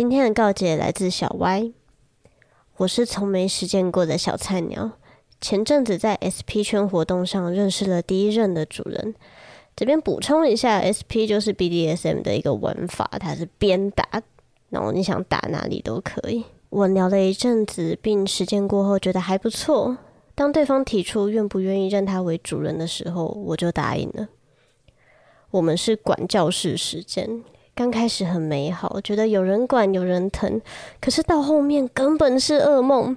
今天的告解來自小歪，我是從沒實踐過的小菜鳥。前陣子在 SP 圈活動上認識了第一任的主人，這邊補充一下，SP 就是 BDSM 的一個玩法，它是鞭打，然後你想打哪裡都可以。我聊了一陣子，並實踐過後覺得還不錯。當對方提出願不願意認他為主人的時候，我就答應了。我們是管教式實踐。剛開始很美好，覺得有人管有人疼，可是到後面根本是噩夢。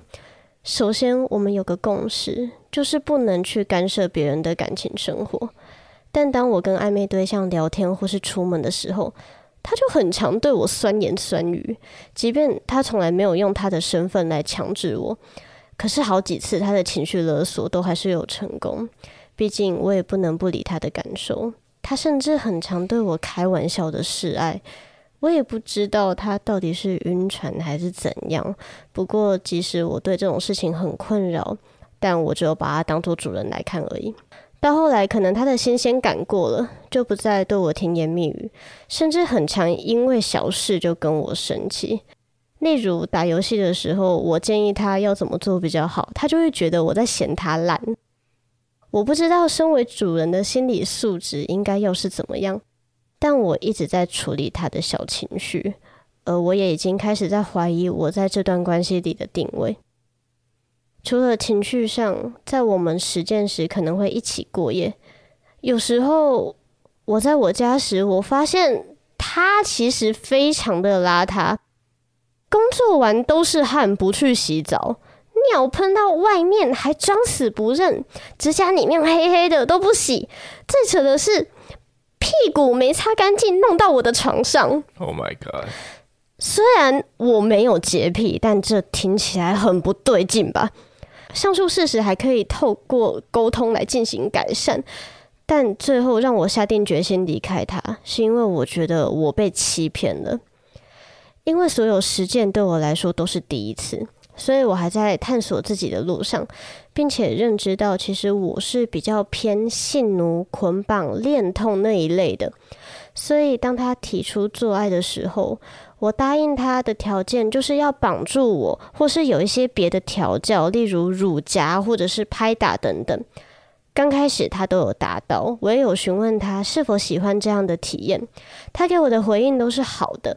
首先，我們有個共識，就是不能去干涉別人的感情生活。但當我跟曖昧對象聊天或是出門的時候，他就很常對我酸言酸語。即便他從來沒有用他的身份來強制我，可是好幾次他的情緒勒索都還是有成功。畢竟我也不能不理他的感受。他甚至很常對我開玩笑的示愛，我也不知道他到底是暈船還是怎樣。不過，即使我對這種事情很困擾，但我只有把他當做主人來看而已。到後來，可能他的新鮮感過了，就不再對我甜言蜜語，甚至很常因為小事就跟我生氣。例如打遊戲的時候，我建議他要怎麼做比較好，他就會覺得我在嫌他爛。我不知道身為主人的心理素質應該又是怎麼樣，但我一直在處理他的小情緒，而我也已經開始在懷疑我在這段關係裡的定位。除了情緒上，在我們實踐時可能會一起過夜，有時候我在我家時，我發現他其實非常的邋遢，工作完都是汗，不去洗澡。鳥噴到外面還裝死不認，指甲裡面黑黑的都不洗，最扯的是屁股沒擦乾淨弄到我的床上。Oh my God！雖然我沒有潔癖，但這聽起來很不對勁吧？上述事實還可以透過溝通來進行改善，但最後讓我下定決心離開他，是因為我覺得我被欺騙了，因為所有實踐對我來說都是第一次。所以我還在探索自己的路上，並且認知到，其實我是比較偏性奴、捆綁、戀痛那一類的。所以當他提出做愛的時候，我答應他的條件就是要綁住我，或是有一些別的調教，例如乳夾或者是拍打等等。剛開始他都有達到，我也有詢問他是否喜歡這樣的體驗，他給我的回應都是好的。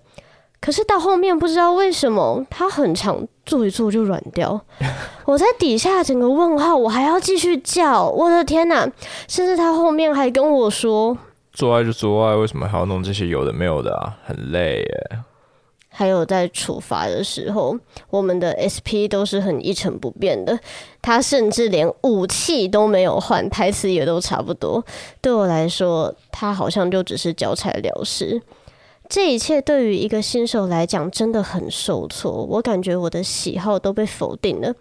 可是到後面不知道為什麼，他很常做一做就軟掉。 我在底下整個問號，我還要繼續叫我的天哪、啊！甚至他後面還跟我說：“做愛就做愛，為什麼還要弄這些有的沒有的啊？很累耶。”還有在處罰的時候，我們的 SP 都是很一成不變的，他甚至連武器都沒有換，台詞也都差不多。對我來說，他好像就只是交差了事。這一切對於一個新手來講真的很受挫，我感覺我的喜好都被否定了，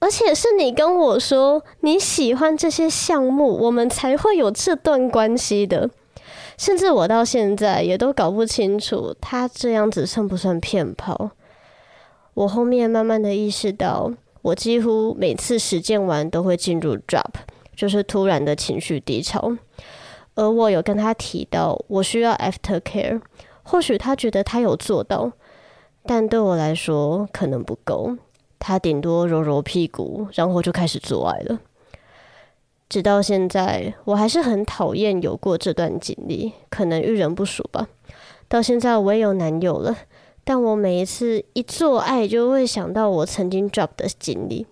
而且是你跟我說你喜歡這些項目，我們才會有這段關係的，甚至我到現在也都搞不清楚他這樣子算不算騙炮？我後面慢慢的意識到，我幾乎每次實踐完都會進入 drop，就是突然的情緒低潮。而我有跟他提到我需要 after care，或許他覺得他有做到，但對我來說可能不夠。他頂多揉揉屁股，然後就開始做愛了。直到現在，我還是很討厭有過這段經歷，可能遇人不淑吧。到現在我也有男友了，但我每一次一做愛就會想到我曾經 drop 的經歷，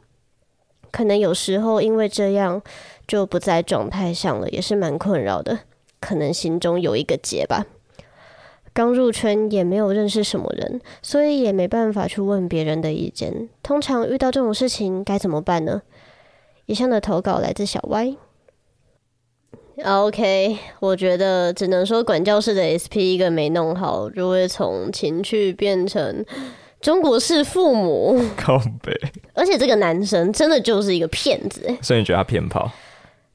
可能有時候因為這樣。就不在狀態上了，也是蠻困擾的。可能心中有一個結吧。剛入圈也沒有認識什麼人，所以也沒辦法去問別人的意見。通常遇到這種事情該怎麼辦呢？以上的投稿來自小歪。OK，我覺得只能說管教室的 SP 一個沒弄好，就會從情趣變成中國式父母。靠北白。而且這個男生真的就是一個騙子，所以你覺得他騙炮？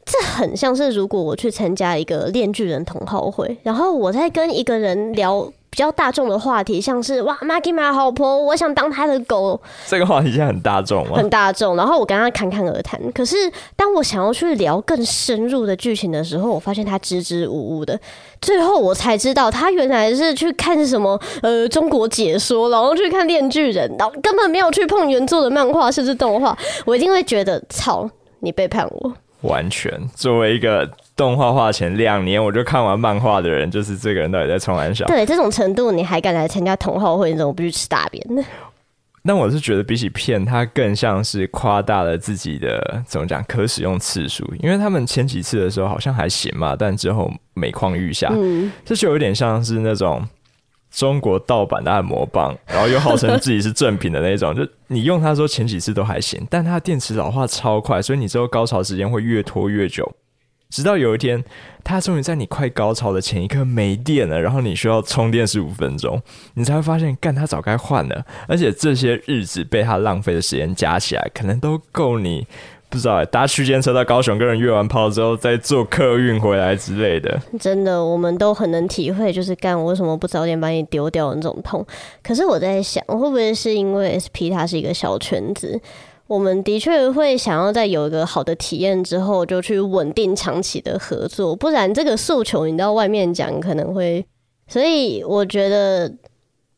這很像是，如果我去參加一個《鏈鋸人》同好會，然後我在跟一個人聊比較大眾的話題，像是“哇，Makima 好婆，我想當他的狗”，這個話題現在很大眾嗎？很大眾。然後我跟他侃侃而談，可是當我想要去聊更深入的劇情的時候，我發現他支支吾吾的。最後我才知道，他原來是去看什麼呃中國解說，然後去看《鏈鋸人》，然後根本沒有去碰原作的漫畫甚至動畫。我一定會覺得，操，你背叛我！完全作為一個動畫畫前兩年我就看完漫畫的人，就是這個人到底在充玩笑。對這種程度，你還敢來參加同好會那種？你怎麼不去吃大便呢？那我是覺得比起騙他，它更像是誇大了自己的怎麼講可使用次數。因為他們前幾次的時候好像還行嘛，但之後每況愈下，這、嗯、就有點像是那種。中國盜版的按摩棒，然後又號稱自己是正品的那種， 就你用它說前幾次都還行，但它的電池老化超快，所以你之後高潮時間會越拖越久，直到有一天它終於在你快高潮的前一刻沒電了，然後你需要充電十五分鐘，你才會發現，幹它早該換了，而且這些日子被它浪費的時間加起來，可能都夠你。不知道，搭區間車到高雄，跟人約完炮之後，再坐客運回來之類的。真的，我們都很能體會，就是幹我為什麼不早點把你丟掉的那種痛。可是我在想，會不會是因為 SP 它是一個小圈子，我們的確會想要在有一個好的體驗之後，就去穩定長期的合作，不然這個訴求你到外面講可能會。所以我覺得。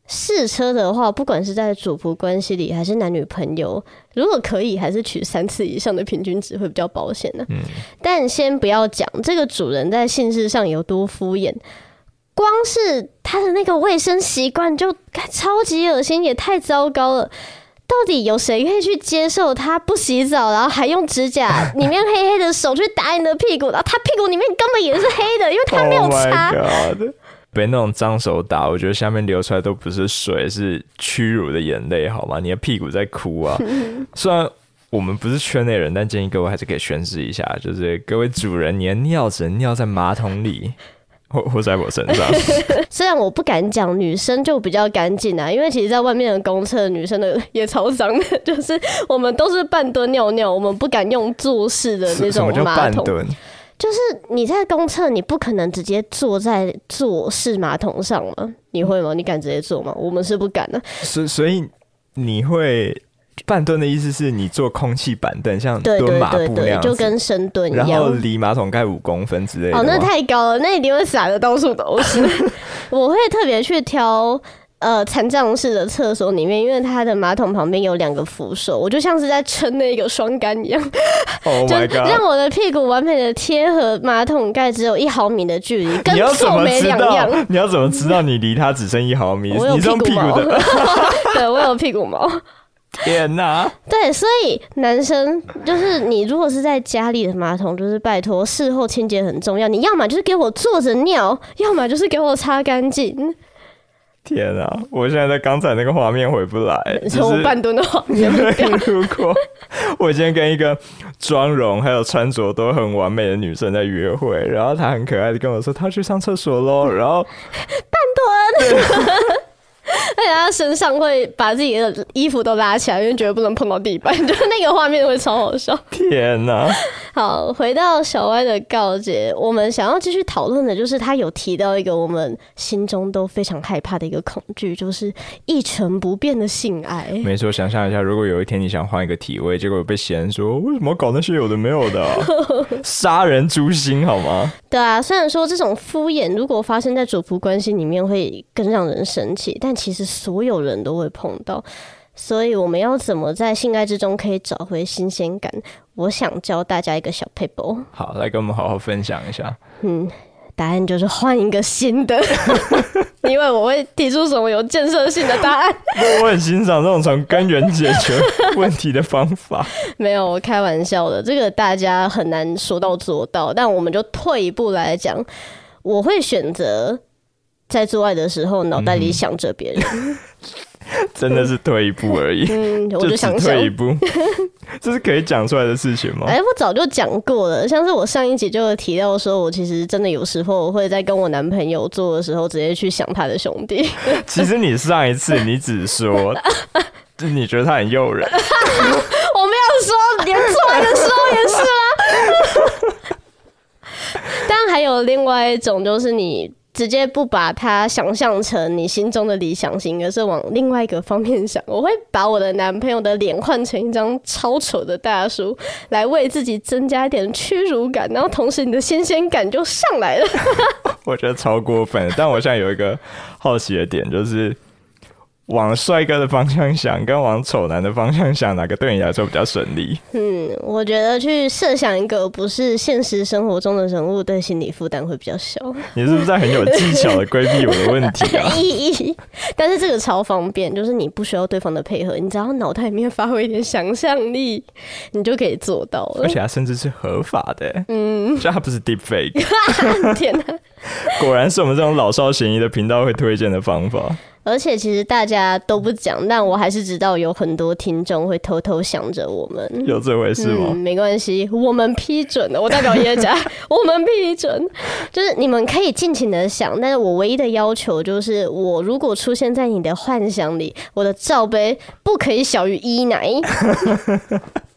試車的話，不管是在主僕關係裡還是男女朋友，如果可以，還是取三次以上的平均值會比較保險呢，啊。嗯、但先不要講這個主人在性事上有多敷衍，光是他的那個衛生習慣就超級惡心，也太糟糕了。到底有誰可以去接受他不洗澡，然後還用指甲裡面黑黑的手去打你的屁股？ 然後他屁股裡面根本也是黑的，因為他沒有擦。Oh 被那種髒手打，我覺得下面流出來都不是水，是屈辱的眼淚，好嗎？你的屁股在哭啊！ 雖然我們不是圈內人，但建議各位還是可以宣誓一下，就是各位主人，你的尿只能尿在馬桶裡，或或在我身上。 雖然我不敢講，女生就比較乾淨啊，因為其實在外面的公廁，女生的也超髒的，就是我們都是半蹲尿尿，我們不敢用坐式的那種馬桶。什麼叫半蹲？就是你在公廁，你不可能直接坐在坐式馬桶上嗎？你會嗎？你敢直接坐嗎？我們是不敢的。所以所以你會半蹲的意思是你坐空氣板凳，像蹲馬步那樣，對對對對，就跟深蹲一樣，然後離馬桶蓋五公分之類的。哦，那太高了，那一定會撒的到處都是。 我會特別去挑。呃，殘障式的廁所裡面，因為它的馬桶旁邊有兩個扶手，我就像是在撐那個雙杆一樣，oh、就讓我的屁股完美的貼合馬桶蓋，只有一毫米的距離，跟臭沒兩樣。你要怎麼知道？你要怎麼知道你離它只剩一毫米？我有 屁股毛。 對，我有屁股毛。天哪！對，所以男生就是你，如果是在家裡的馬桶，就是拜托，事後清潔很重要。你要麼就是給我坐着尿，要麼就是給我擦乾淨。天啊！我現在在剛才那個畫面回不來，從我半蹲的畫面。如果我今天跟一個妝容還有穿着都很完美的女生在約會，然後她很可愛的跟我說：“她去上廁所嘍。”然後半蹲，而且她身上會把自己的衣服都拉起來，因為絕對不能碰到地板，就是那個畫面會超好笑。天哪、啊！好，回到小歪的告解，我們想要繼續討論的，就是他有提到一個我們心中都非常害怕的一個恐懼，就是一成不變的性愛。沒錯，想象一下，如果有一天你想換一個體位，結果被嫌說為什麼搞那些有的沒有的，啊，殺人誅心， 好嗎？對啊，雖然說這種敷衍如果發生在主僕關係裡面會更讓人生氣，但其實所有人都會碰到，所以我們要怎麼在性愛之中可以找回新鮮感？我想教大家一個小撇步。好，來跟我們好好分享一下。嗯，答案就是換一個新的， 因為我會提出什麼有建設性的答案。 我很欣賞這種從根源解決問題的方法。 沒有，我開玩笑的，這個大家很難說到做到。但我們就退一步來講，我會選擇在做愛的時候腦袋裡想着別人。嗯、 真的是退一步而已，我、嗯、就想退一步。這是可以講出來的事情嗎？哎、欸，我早就講過了，像是我上一集就有提到說，我其實真的有時候我會在跟我男朋友做的時候，直接去想他的兄弟。其實你上一次你只說， 就你覺得他很誘人， 我沒有說，連來的時候也是啦。 但還有另外一種，就是你。直接不把他想象成你心中的理想型，而是往另外一個方面想。我會把我的男朋友的臉換成一張超醜的大叔，來為自己增加一點屈辱感，然後同時你的新鮮感就上來了。 我覺得超過分，但我現在有一個好奇的點，就是。往帥哥的方向想，跟往醜男的方向想，哪個對你來說比較順利？嗯，我覺得去設想一個不是現實生活中的人物，對心理負擔會比較小。你是不是在很有技巧的規避我的問題啊？ 但是這個超方便，就是你不需要對方的配合，你只要腦袋裡面發揮一點想象力，你就可以做到了。而且它甚至是合法的，嗯，這還不是 deep fake。天哪！果然是我們這種老少咸宜的頻道會推薦的方法。而且其實大家都不講，但我還是知道有很多聽眾會偷偷想着我們。有這回事嗎？嗯、沒關係，我們批准的。我代表耶加， 我們批准。就是你們可以盡情的想，但是我唯一的要求就是，我如果出現在你的幻想裡，我的罩杯不可以小於一奶。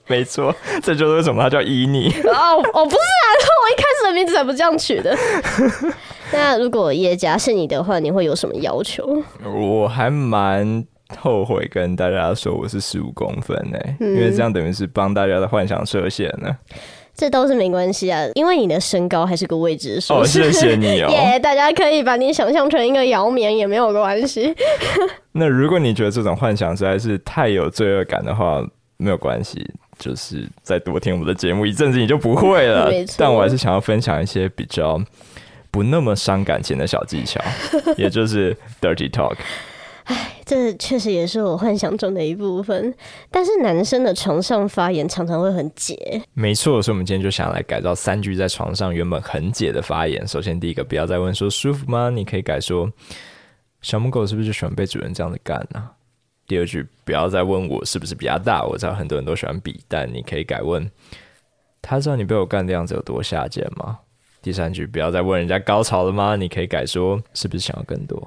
沒錯，這就是為什麼他叫伊妮 哦。哦，我不是啊！我一開始的名字怎麼這樣取的？那如果耶加是你的話，你會有什麼要求？我還蠻後悔跟大家說我是十五公分呢、欸。嗯、因為這樣等於是幫大家的幻想設限呢。這倒是沒關係啊，因為你的身高還是個未知數。哦，謝謝你哦。耶， yeah, 大家可以把你想象成一個姚明也沒有關係。 那如果你覺得這種幻想實在是太有罪惡感的話，沒有關係，就是再多聽我們的節目一陣子你就不會了。嗯、但我還是想要分享一些比較。不那麼傷感情的小技巧，也就是 dirty talk。哎 ，這確實也是我幻想中的一部分。但是男生的床上發言常常會很解，沒錯，所以我們今天就想來改造三句在床上原本很解的發言。首先，第一個，不要再問說舒服嗎？你可以改說小母狗是不是就喜歡被主人這樣子幹呢、啊？第二句，不要再問我是不是比較大。我知道很多人都喜歡比，但你可以改問他知道你被我幹的樣子有多下賤嗎？第三句，不要再問人家高潮了嗎？你可以改說，是不是想要更多？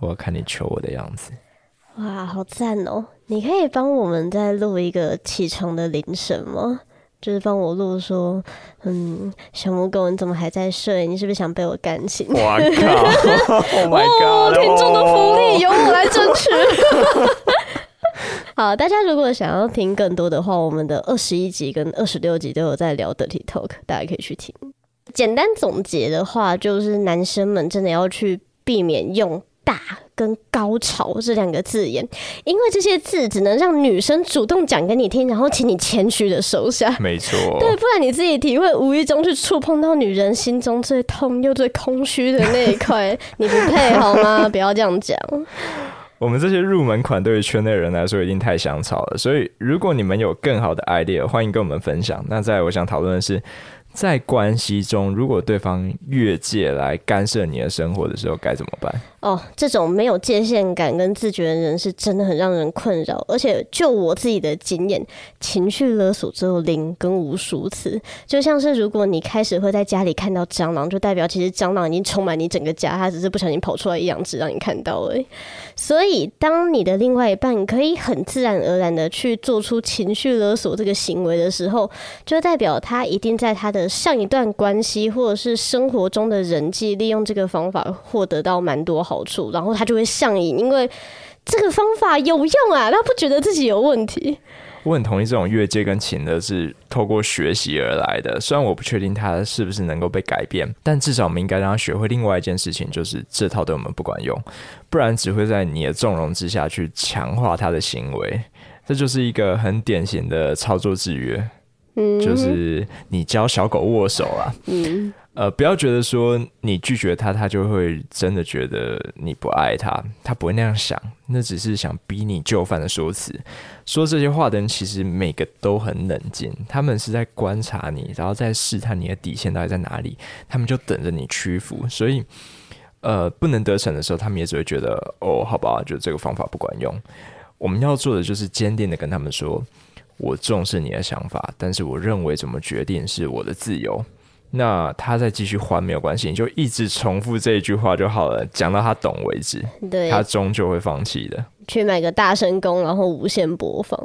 我要看你求我的樣子，哇，好贊哦！你可以幫我們再錄一個起床的鈴聲嗎？就是幫我錄說，嗯，小母狗，你怎麼還在睡？你是不是想被我幹醒？哇，oh oh、 哦，聽眾的福利由我來爭取。 好，大家如果想要聽更多的話，我們的二十一集跟二十六集都有在聊 dirty talk，大家可以去聽。簡單總結的話，就是男生們真的要去避免用“大”跟“高潮”這兩個字眼，因為這些字只能讓女生主動講給你聽，然後請你謙虛的收下。沒錯錯，對，不然你自己體會，無意中去觸碰到女人心中最痛又最空虛的那一塊， 你不配好嗎？不要這樣講。 我們這些入門款對於圈內人來說已經太香草了，所以如果你們有更好的 idea，歡迎跟我們分享。那再，我想討論的是。在關係中，如果對方越界來干涉你的生活的時候，該怎麼辦？哦，這種沒有界限感跟自覺的人是真的很讓人困擾。而且就我自己的經驗，情緒勒索只有零跟無數次。就像是如果你開始會在家裡看到蟑螂，就代表其實蟑螂已經充滿你整個家，它只是不小心跑出來一兩隻讓你看到哎、欸。所以當你的另外一半可以很自然而然的去做出情緒勒索這個行為的時候，就代表他一定在他的。像一段關係或者是生活中的人際，利用這個方法獲得到蠻多好處，然後他就會上癮，因為這個方法有用啊，他不覺得自己有問題。我很同意這種越界跟情勒是透過學習而來的，雖然我不確定他是不是能夠被改變，但至少我們應該讓他學會另外一件事情，就是這套對我們不管用，不然只會在你的縱容之下去強化他的行為，這就是一個很典型的操作制約。就是你教小狗握手啊，呃，不要覺得說你拒絕他，他就會真的覺得你不愛他。他不會那樣想，那只是想逼你就範的說辭。說這些話的人其實每個都很冷靜，他們是在觀察你，然後在試探你的底線到底在哪裡，他們就等着你屈服。所以，呃，不能得逞的時候，他們也只會覺得，哦，好吧，好啊，就這個方法不管用。我們要做的就是堅定地跟他們說。我重視你的想法，但是我認為怎麼決定是我的自由。那他再繼續還沒有關係，你就一直重復這句話就好了，講到他懂為止。對，他終究會放棄的。去買個大聲公，然後無限播放。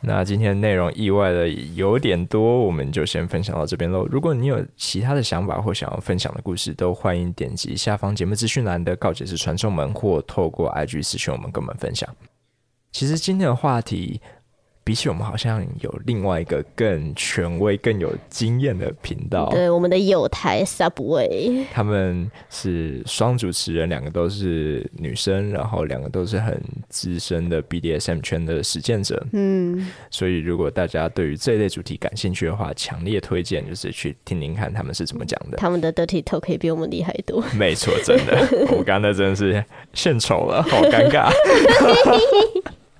那今天的內容意外的有點多，我們就先分享到這邊嘍。如果你有其他的想法或想要分享的故事，都歡迎點擊下方節目資訊欄的告解室傳送門，或透過 IG 私訊我們跟我們分享。其實今天的話題。比起我們，好像有另外一個更權威、更有經驗的頻道。對，我們的友台 Subway，他們是雙主持人，兩個都是女生，然後兩個都是很資深的 BDSM 圈的實踐者。嗯，所以如果大家對於這類主題感興趣的話，強烈推薦就是去聽聽看他們是怎麼講的。他們的 dirty talk 可以比我們厲害多。 沒錯，真的，我剛才真的是獻醜了，好尷尬。